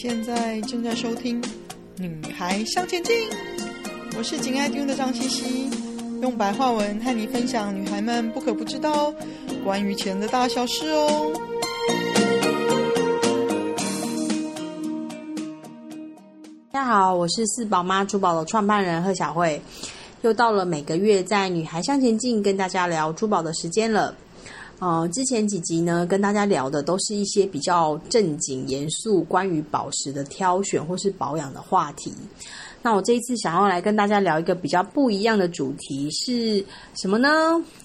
現在正在收聽《女孩向錢進》，我是錦愛丟的張西西，用白話文和你分享女孩們不可不知道關於錢的大小事哦。大家好，我是四寶媽珠寶的創辦人賀小蕙，又到了每個月在《女孩向錢進》跟大家聊珠寶的時間了。呃、哦，之前幾集呢，跟大家聊的都是一些比較正經、嚴肅，關於寶石的挑選或是保養的話題。那我這一次想要來跟大家聊一個比較不一樣的主題是什麼呢？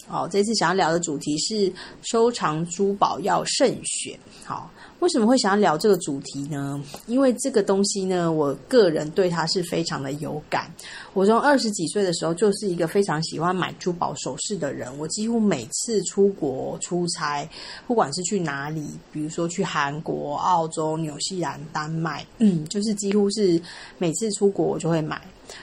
哦，這一次想要聊的主題是收藏珠寶要慎選。好。為什麼會想要聊這個主題呢？因為這個東西呢，我個人對它是非常的有感。我從二十幾歲的時候就是一個非常喜歡買珠寶首飾的人，我幾乎每次出國出差，不管是去哪裡，比如說去韓國、澳洲、紐西蘭、丹麥，嗯，就是幾乎是每次出國我就會買。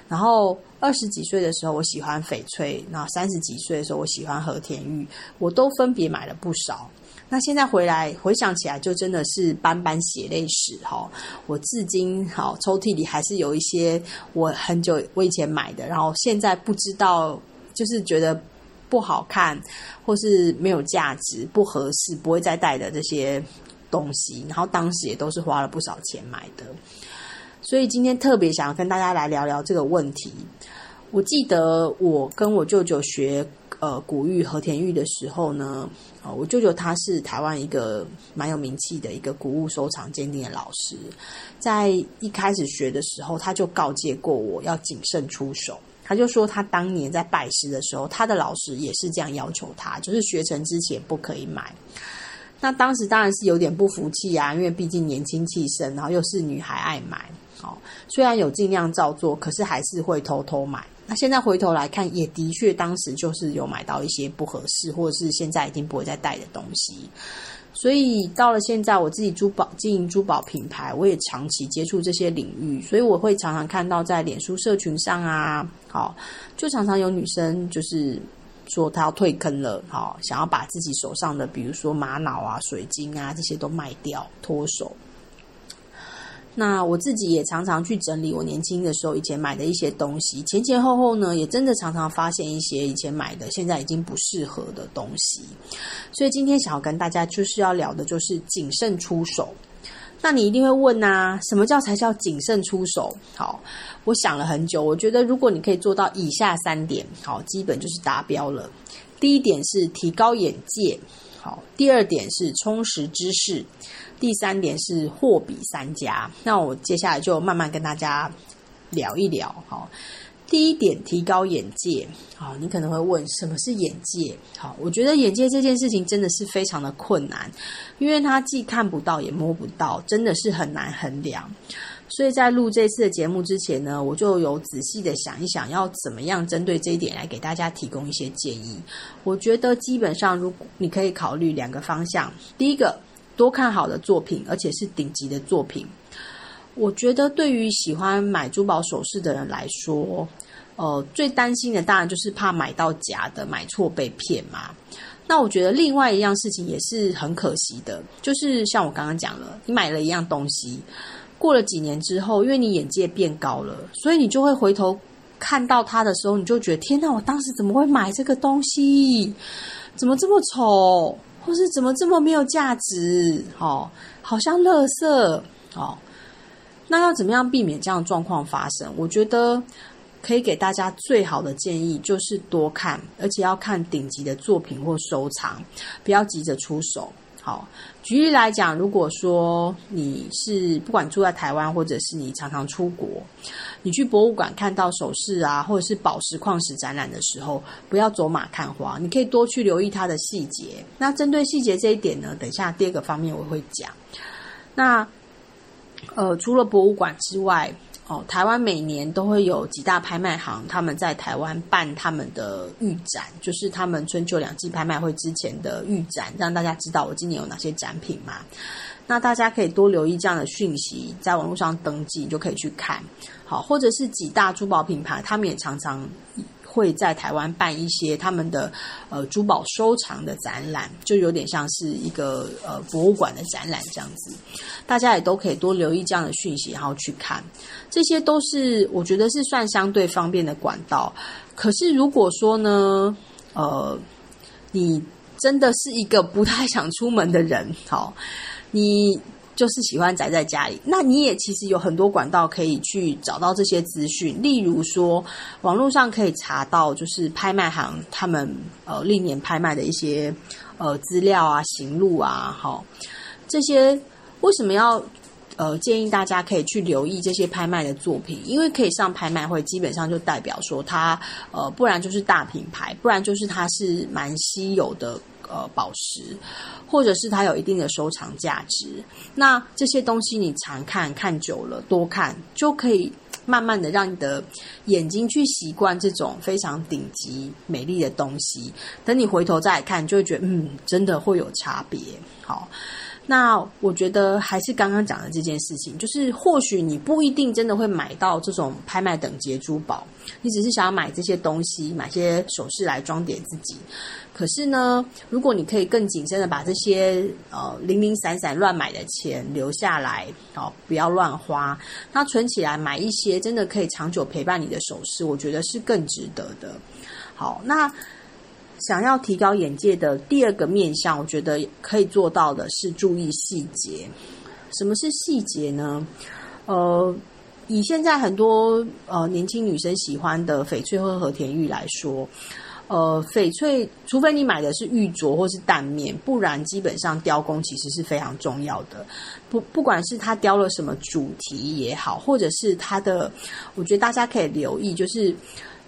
然後二十幾歲的時候我喜歡翡翠，然後三十幾歲的時候我喜歡和田玉，我都分別買了不少。那現在回來回想起來，就真的是斑斑血淚史齁。我至今齁，抽屜裡還是有一些我很久我以前買的，然後現在不知道就是覺得不好看或是沒有價值、不合適、不會再戴的這些東西，然後當時也都是花了不少錢買的。所以今天特別想要跟大家來聊聊這個問題。我記得我跟我舅舅學呃，古玉和田玉的時候呢，哦，我舅舅他是台灣一個蠻有名氣的一個古物收藏鑑定的老師，在一開始學的時候，他就告誡過我要謹慎出手。他就說他當年在拜師的時候，他的老師也是這樣要求他，就是學成之前不可以買。那當時當然是有點不服氣啊，因為畢竟年輕氣盛，然後又是女孩愛買，哦，雖然有盡量照做，可是還是會偷偷買。那現在回頭來看，也的確當時就是有買到一些不合適，或者是現在已經不會再戴的東西。所以到了現在，我自己珠寶經營珠寶品牌，我也長期接觸這些領域，所以我會常常看到在臉書社群上啊，好，就常常有女生就是說她要退坑了，好，想要把自己手上的比如說瑪瑙啊、水晶啊這些都賣掉脫手。那我自己也常常去整理我年輕的時候以前買的一些東西，前前後後呢，也真的常常發現一些以前買的現在已經不適合的東西。所以今天想要跟大家就是要聊的就是謹慎出手。那你一定會問啊，什麼叫什麼才叫謹慎出手？好，我想了很久，我覺得如果你可以做到以下三點，好，基本就是達標了。第一點是提高眼界。好，第二點是充實知識，第三點是貨比三家。那我接下來就慢慢跟大家聊一聊。好，第一點，提高眼界。好，你可能會問，什麼是眼界？好，我覺得眼界這件事情真的是非常的困難，因為它既看不到也摸不到，真的是很難衡量。所以在錄這次的節目之前呢，我就有仔細的想一想，要怎麼樣針對這一點來給大家提供一些建議。我覺得基本上，如果你可以考慮兩個方向，第一個，多看好的作品，而且是頂級的作品。我覺得對於喜歡買珠寶首飾的人來說，呃，最擔心的當然就是怕買到假的，買錯被騙嘛。那我覺得另外一樣事情也是很可惜的，就是像我剛剛講了，你買了一樣東西。過了幾年之後，因為你眼界變高了，所以你就會回頭看到它的時候，你就覺得：天哪！我當時怎麼會買這個東西？怎麼這麼醜？或是怎麼這麼沒有價值？哦，好像垃圾哦。那要怎麼樣避免這樣的狀況發生？我覺得可以給大家最好的建議就是多看，而且要看頂級的作品或收藏，不要急着出手。好，舉例來講，如果說你是不管住在台灣，或者是你常常出國，你去博物館看到首飾啊，或者是寶石礦石展覽的時候，不要走馬看花，你可以多去留意它的細節。那針對細節這一點呢，等下第二個方面我會講。那呃，除了博物館之外。哦，台灣每年都會有幾大拍賣行，他們在台灣辦他們的預展，就是他們春秋兩季拍賣會之前的預展，讓大家知道我今年有哪些展品嘛。那大家可以多留意這樣的訊息，在網絡上登記，你就可以去看。好，或者是幾大珠寶品牌，他們也常常。會在台灣辦一些他們的呃珠寶收藏的展覽，就有點像是一個呃博物館的展覽這樣子，大家也都可以多留意這樣的訊息，然後去看。這些都是我覺得是算相對方便的管道。可是如果說呢，呃，你真的是一個不太想出門的人，好，你。就是喜歡宅在家裡，那你也其實有很多管道可以去找到這些資訊，例如說網絡上可以查到，就是拍賣行他們呃歷年拍賣的一些呃資料啊、型錄啊，好、哦、這些為什麼要呃建議大家可以去留意這些拍賣的作品？因為可以上拍賣會，基本上就代表說它呃不然就是大品牌，不然就是它是蠻稀有的。呃，寶石，或者是它有一定的收藏價值，那這些東西你常看看久了，多看就可以慢慢的讓你的眼睛去習慣這種非常頂級美麗的東西。等你回頭再來看，就會覺得嗯，真的會有差別。好。那我覺得還是剛剛講的這件事情，就是或許你不一定真的會買到這種拍賣等級珠寶，你只是想要買這些東西，買些首飾來裝點自己。可是呢，如果你可以更謹慎的把這些呃零零散散亂買的錢留下來，哦，不要亂花，那存起來買一些真的可以長久陪伴你的首飾，我覺得是更值得的。好，那。想要提高眼界的第二個面向，我覺得可以做到的是注意細節。什麼是細節呢？呃，以現在很多呃年輕女生喜歡的翡翠和和田玉來說，呃，翡翠除非你買的是玉鐲或是蛋面，不然基本上雕工其實是非常重要的。不不管是它雕了什麼主題也好，或者是它的，我覺得大家可以留意，就是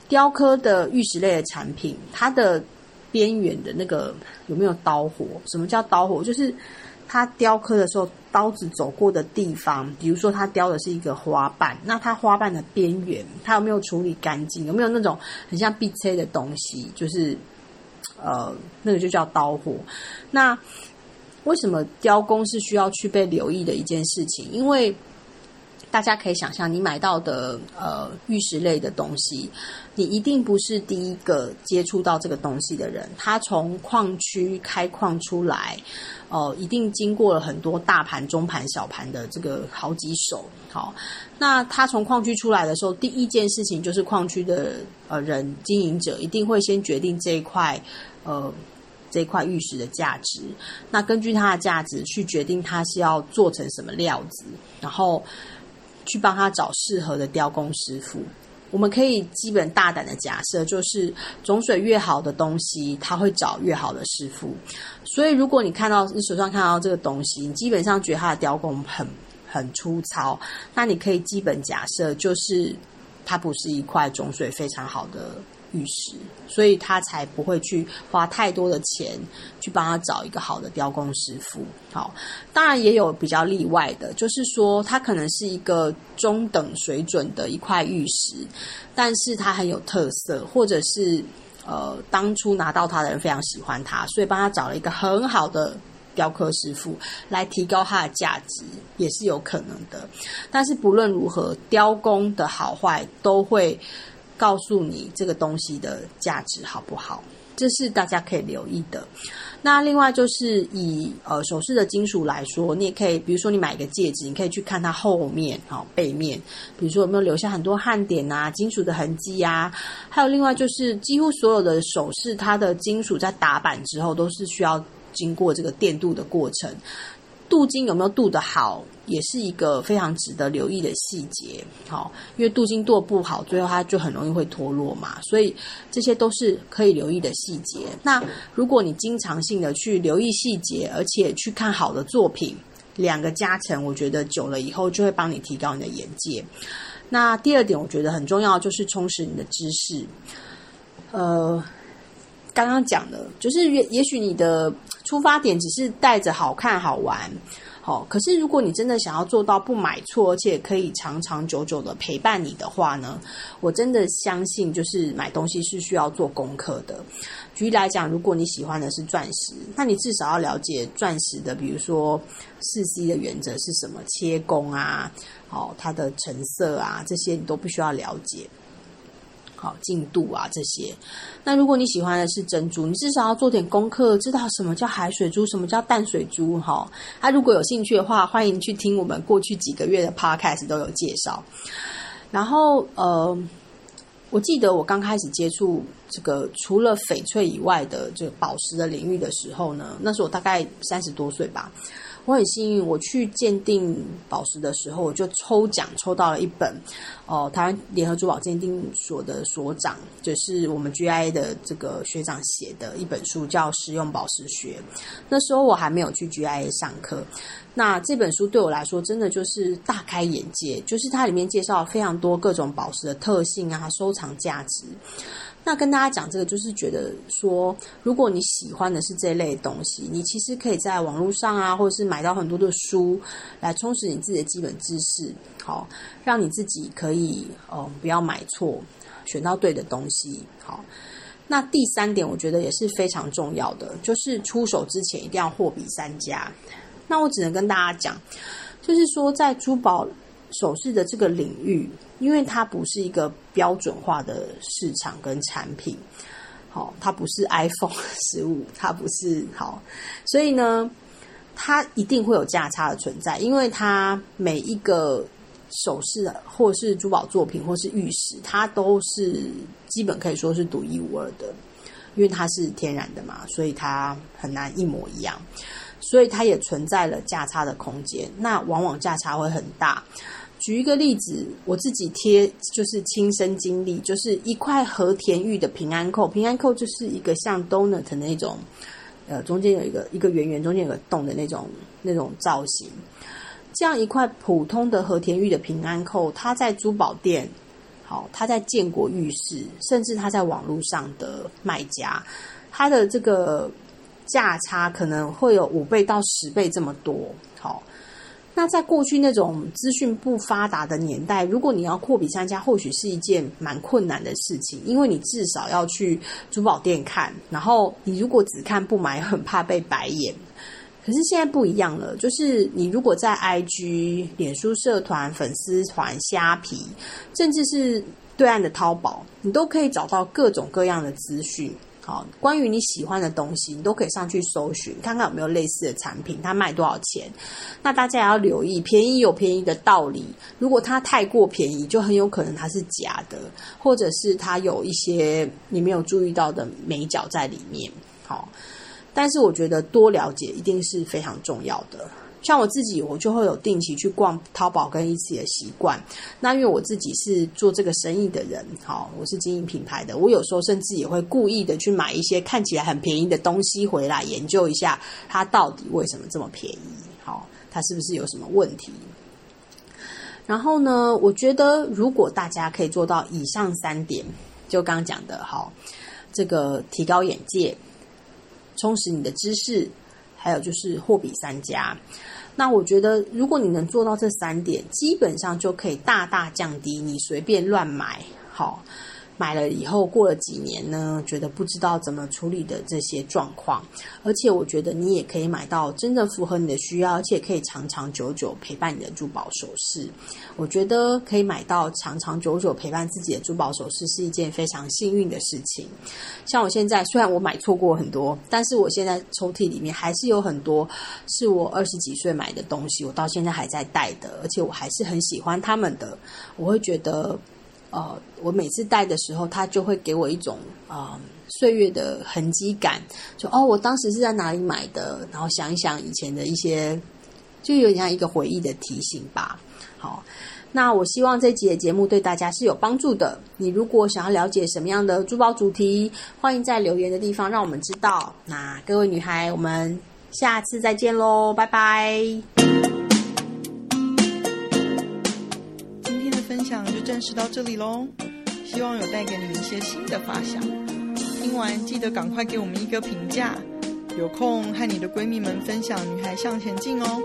雕刻的玉石類的產品，它的。邊緣的那個有沒有刀火？什麼叫刀火？就是它雕刻的時候，刀子走過的地方，比如說它雕的是一個花瓣，那它花瓣的邊緣，它有沒有處理乾淨？有沒有那種很像壁切的東西？就是呃，那個就叫刀火。那為什麼雕工是需要去被留意的一件事情？因為大家可以想象，你買到的呃玉石類的東西，你一定不是第一個接觸到這個東西的人。他從礦區開礦出來，哦、呃，一定經過了很多大盤、中盤、小盤的這個好幾手。好，那他從礦區出來的時候，第一件事情就是礦區的呃人經營者一定會先決定這一塊呃這塊玉石的價值。那根據它的價值去決定它是要做成什麼料子，然後，去幫他找適合的雕工師傅。我們可以基本大膽的假設，就是種水越好的東西，他會找越好的師傅。所以，如果你看到你手上看到這個東西，你基本上覺得他的雕工很很粗糙，那你可以基本假設就是它不是一塊種水非常好的玉石，所以他才不會去花太多的錢去幫他找一個好的雕工師傅。好，當然也有比較例外的，就是說他可能是一個中等水準的一塊玉石，但是他很有特色，或者是呃當初拿到他的人非常喜歡他，所以幫他找了一個很好的雕刻師傅來提高它的價值，也是有可能的。但是不論如何，雕工的好壞都會。告訴你這個東西的價值好不好？這是大家可以留意的。那另外就是以呃首飾的金屬來說，你也可以，比如說你買一個戒指，你可以去看它後面哦，背面，比如說有沒有留下很多焊點啊，金屬的痕跡啊。還有另外就是，幾乎所有的首飾它的金屬在打板之後都是需要經過這個電鍍的過程。鍍金有沒有鍍得好，也是一個非常值得留意的細節，好、哦，因為鍍金鍍不好，最後它就很容易會脫落嘛，所以這些都是可以留意的細節。那如果你經常性的去留意細節，而且去看好的作品，兩個加成，我覺得久了以後就會幫你提高你的眼界。那第二點，我覺得很重要，就是充實你的知識，呃。剛剛講的，就是也也許你的出發點只是帶着好看好玩，好、哦，可是如果你真的想要做到不買錯，而且可以長長久久的陪伴你的話呢，我真的相信，就是買東西是需要做功課的。舉例來講，如果你喜歡的是鑽石，那你至少要了解鑽石的，比如說四 C 的原則是什麼，切工啊，哦，它的成色啊，這些你都不需要了解，進度啊，這些。那如果你喜歡的是珍珠，你至少要做點功課，知道什麼叫海水珠，什麼叫淡水珠。哈、哦，他、啊、如果有興趣的話，歡迎去聽我們過去幾個月的 Podcast 都有介紹。然後，呃，我記得我剛開始接觸這個除了翡翠以外的這個寶石的領域的時候呢，那是我大概三十多歲吧。我很幸運，我去鑑定寶石的時候，我就抽獎抽到了一本，哦、呃，台灣聯合珠寶鑑定所的所長，就是我們 GIA 的這個學長寫的一本書，叫《實用寶石學》。那時候我還沒有去 GIA 上課，那這本書對我來說真的就是大開眼界，就是它裡面介紹了非常多各種寶石的特性啊，收藏價值。那跟大家講這個，就是覺得說，如果你喜歡的是這一類東西，你其實可以在網絡上啊，或者是買到很多的書，來充實你自己的基本知識，好，讓你自己可以呃不要買錯，選到對的東西。好，那第三點我覺得也是非常重要的，就是出手之前一定要貨比三家。那我只能跟大家講，就是說在珠寶首飾的這個領域。因為它不是一個標準化的市場跟產品，好、哦，它不是 iPhone 十五，它不是好、哦，所以呢，它一定會有價差的存在。因為它每一個首飾或是珠寶作品，或是玉石，它都是基本可以說是獨一無二的，因為它是天然的嘛，所以它很難一模一樣，所以它也存在了價差的空間。那往往價差會很大。舉一個例子，我自己貼就是親身經歷，就是一塊和田玉的平安扣，平安扣就是一個像 donut 那種，呃，中間有一個一個圓圓，中間有個洞的那種那種造型。這樣一塊普通的和田玉的平安扣，它在珠寶店，好、哦，它在建國玉市，甚至它在網絡上的賣家，它的這個價差可能會有五倍到十倍這麼多，好、哦。那在過去那種資訊不發達的年代，如果你要貨比三家，或許是一件蠻困難的事情，因為你至少要去珠寶店看，然後你如果只看不買，很怕被白眼。可是現在不一樣了，就是你如果在 IG、臉書社團、粉絲團、蝦皮，甚至是對岸的淘寶，你都可以找到各種各樣的資訊。好，關於你喜歡的東西，你都可以上去搜尋，看看有沒有類似的產品，它賣多少錢。那大家也要留意，便宜有便宜的道理，如果它太過便宜，就很有可能它是假的，或者是它有一些你沒有注意到的眉角在裡面。好，但是我覺得多了解一定是非常重要的。像我自己，我就會有定期去逛淘寶跟 Etsy 的習慣。那因為我自己是做這個生意的人，好，我是經營品牌的。我有時候甚至也會故意的去買一些看起來很便宜的東西回來，研究一下它到底為什麼這麼便宜，好，它是不是有什麼問題？然後呢，我覺得如果大家可以做到以上三點，就剛剛講的，好，這個提高眼界，充實你的知識。還有就是貨比三家，那我覺得如果你能做到這三點，基本上就可以大大降低你隨便亂買。好。買了以後過了幾年呢，覺得不知道怎麼處理的這些狀況，而且我覺得你也可以買到真正符合你的需要，而且可以長長久久陪伴你的珠寶首飾。我覺得可以買到長長久久陪伴自己的珠寶首飾是一件非常幸運的事情。像我現在雖然我買錯過很多，但是我現在抽屜裡面還是有很多是我二十幾歲買的東西，我到現在還在戴的，而且我還是很喜歡他們的。我會覺得。呃，我每次戴的時候，它就會給我一種呃，歲月的痕跡感，就哦，我當時是在哪裡買的？然後想一想以前的一些，就有點像一個回憶的提醒吧。好，那我希望這集的節目對大家是有幫助的。你如果想要了解什麼樣的珠寶主題，歡迎在留言的地方讓我們知道。那各位女孩，我們下次再見嘍，拜拜。暫時到這裡嘍，希望有帶給你們一些新的發想。聽完記得趕快給我們一個評價，有空和你的閨蜜們分享《女孩向錢進》哦。